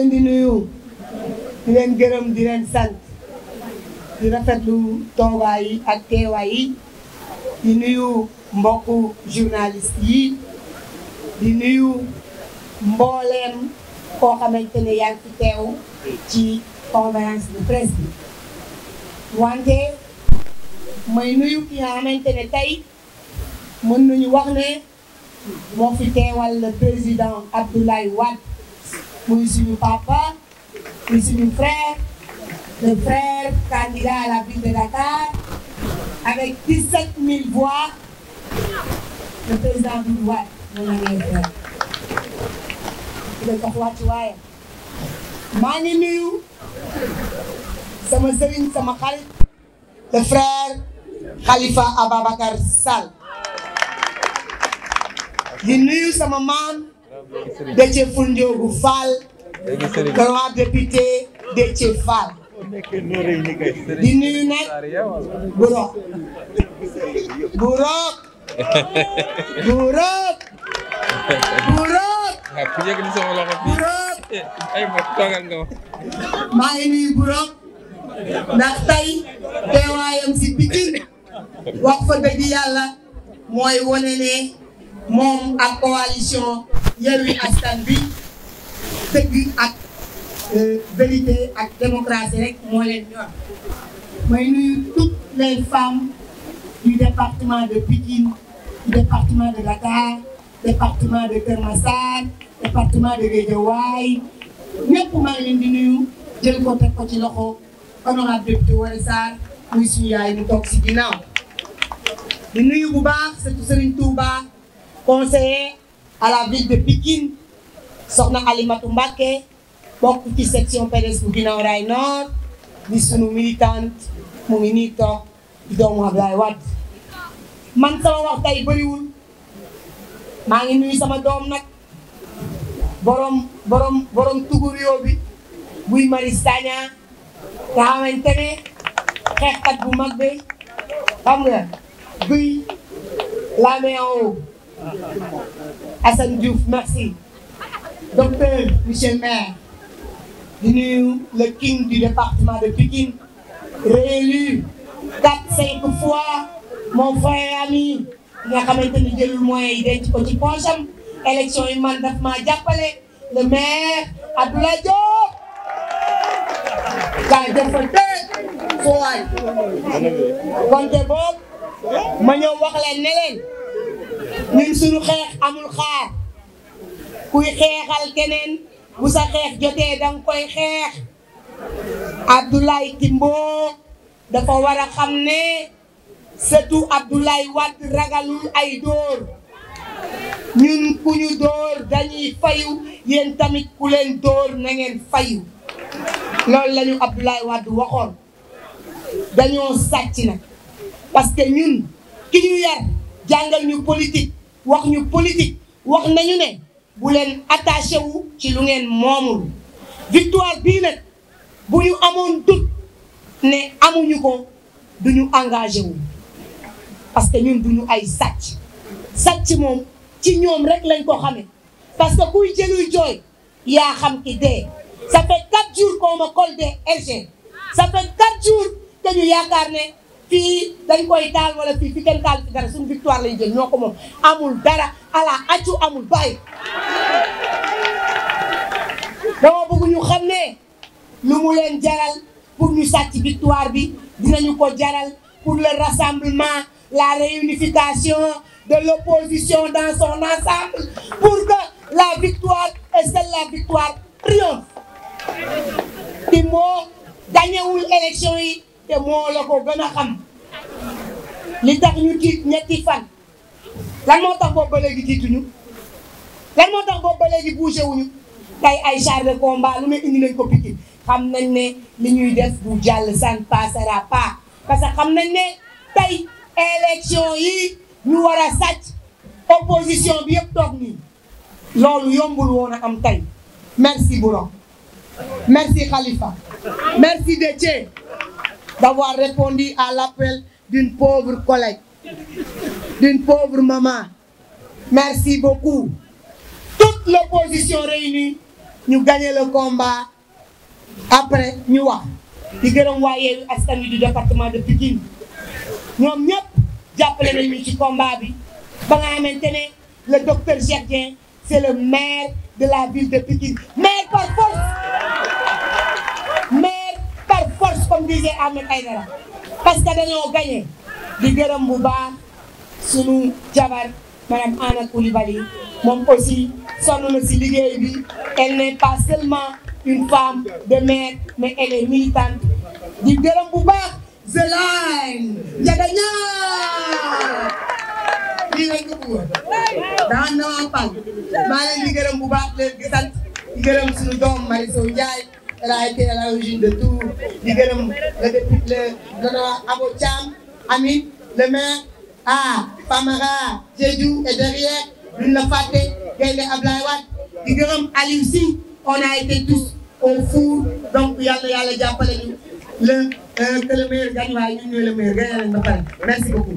leen di nuyu di leen gërëm di leen sant di rafetlu toogaay yi ak teewaay yi di nuyu mbokku journaliste yi di nuyu mbooleem koo xamante ne yaa ngi teew ci conférence de presse bi wante may nuyu ki nga ne tey mën nañu wax ne moo fi teewal président Abdoulaye Wade muy suñu papa muy suñu frère le frère candidat à la ville de Dakar avec 17 000 voix le président Doudou Wade moom la ñuy frère di la jox wàccuwaayam maa ngi nuyu sama sëriñ sama xarit le frère Khalifa Ababacar Sall di nuyu sama maam. Déthié Fall Ndiogou Fall honorable député Déthié Fall di nuyu nag Burok Burok Burok Burok maa ngi nuyu Burok ndax tey teewaayam si Pikine wax fa dëgg yàlla mooy wone ne moom a coalition Yewwi Askan Wi dëgg ak euh, vérité ak démocratie rek moo leen ñor mooy nuyu toutes les femmes du département de Pikine du département de Dakar département de Keur Massar département de Guédiawaye ñëpp maa ngi leen di nuyu jël ko teg ko ci loxo honorable député Woré Sarr muy suñu yaay mu toog si ginnaaw di nuyu bu baax surtout Serigne Touba. conseiller à la ville de Pikine soxna Alimatu Mbacke bokk ci section PDS bu ginnaaw raay nord di sunu militante mu ngi nii toog di doomu Ablaye Wade man sama wax tey bëriwul maa ngi nuyu sama doom nag borom borom borom tugur yoo bi buy mari Sagna nga xamante ne xeexkat bu mag bi xam nga buy Assane Diouf merci docteur monsieur maire di nuyu le king du département de Pikine réélu quatre cinq fois mon frère ami nga xamante ni jëlul moyens yi denc ko ci élection yi man daf maa jàppale le maire Abdoulaye Diop daa jëfante foo waay wante boobu ma ñëw wax leen ñun suñu xeex amul xaar kuy xeexal keneen bu sa xeex jotee danga koy xeex Abdoulaye Timbo dafa war a xam ne setu Abdoulaye Wade ragalul ay dóor ñun ku ñu dóor dañuy fayu yéen tamit ku leen dóor na ngeen fayu loolu la ñu Abdoulaye Wade waxoon dañoo sàcc na parce que ñun ki ñu yar jàngal ñu politique wax ñu politique wax nañu ne bu leen attaché wu ci lu ngeen moomul victoire bii nag bu ñu amoon dut ne amuñu ko du ñu engagé wu parce que ñu duñu ay sàcc sàcc moom ci ñoom rek lañ ko xamee parce que kuy jëluy jooy yaa xam ki dee ça fait quatre jours qu'on me colle des RG ça fait quatre ñu yaakaar ne fii dañ koy daal wala fii fi kenn daal dara suñu victoire lañ jël ñoo ko moom amul dara ala accu amul bàyyi dama bëgg ñu xam ne lu mu leen jaral pour ñu sàcc victoire bi dinañu ko jaral pour le rassemblement la réunification de l'opposition dans son que la victoire et la victoire triomphe te moo gañewul élection yi te moo la ko gën xam li tax ñu tiit ñetti fan lan moo tax boobu ba léegi tiituñu lan moo tax boobu ba léegi bougé wuñu tey ay char de combat lu ne indi nañ ko Pikine xam nañ ne li ñuy def bu jàll ça ne passera pas parce que xam nañ ne tey élection yi ñu war a sàcc opposition bi yëpp toog nii loolu yombul woon a am tey merci Bourama merci Khalifa merci Déthié d'avoir répondu à l'appel d'une pauvre collègue, d'une pauvre maman. Merci beaucoup. Toute l'opposition réunie, ñu gagné le combat après ñu wax di gërëm waa Yewwi Askan Wi du département de Pikine ñoom ñëpp jàppale nañu ci combat bi ba nga xamante ne le docteur Cheikh c'est le maire de la ville de Pikine maire par force maire par force comme disait Ahmed Aïdara parce que dañoo gagné di gërëm bu baax sunu jabar madame Anna Coulibaly moom aussi sonn na si liggéey bi elle n'est pas seulement une femme de mère mais elle est militante di gërëm bu baax Zelaine Ndiaga Niang gërëm bu baax leen di sant gërëm sunu doom Marie Sow Ndiaye Elle été à l'origine de tout di gërëm le député le l'honorable Abo Thiam le maire ah Pamara Diédhiou et derrière duñ la fàtte Gaynde Ablaye Wade di gërëm Aliou Sy on a été tous au four donc yàlla yàlla jàppale ñu le euh, le meilleur gagne waaye ñun ñooy le meilleur gagne nañ ba merci beaucoup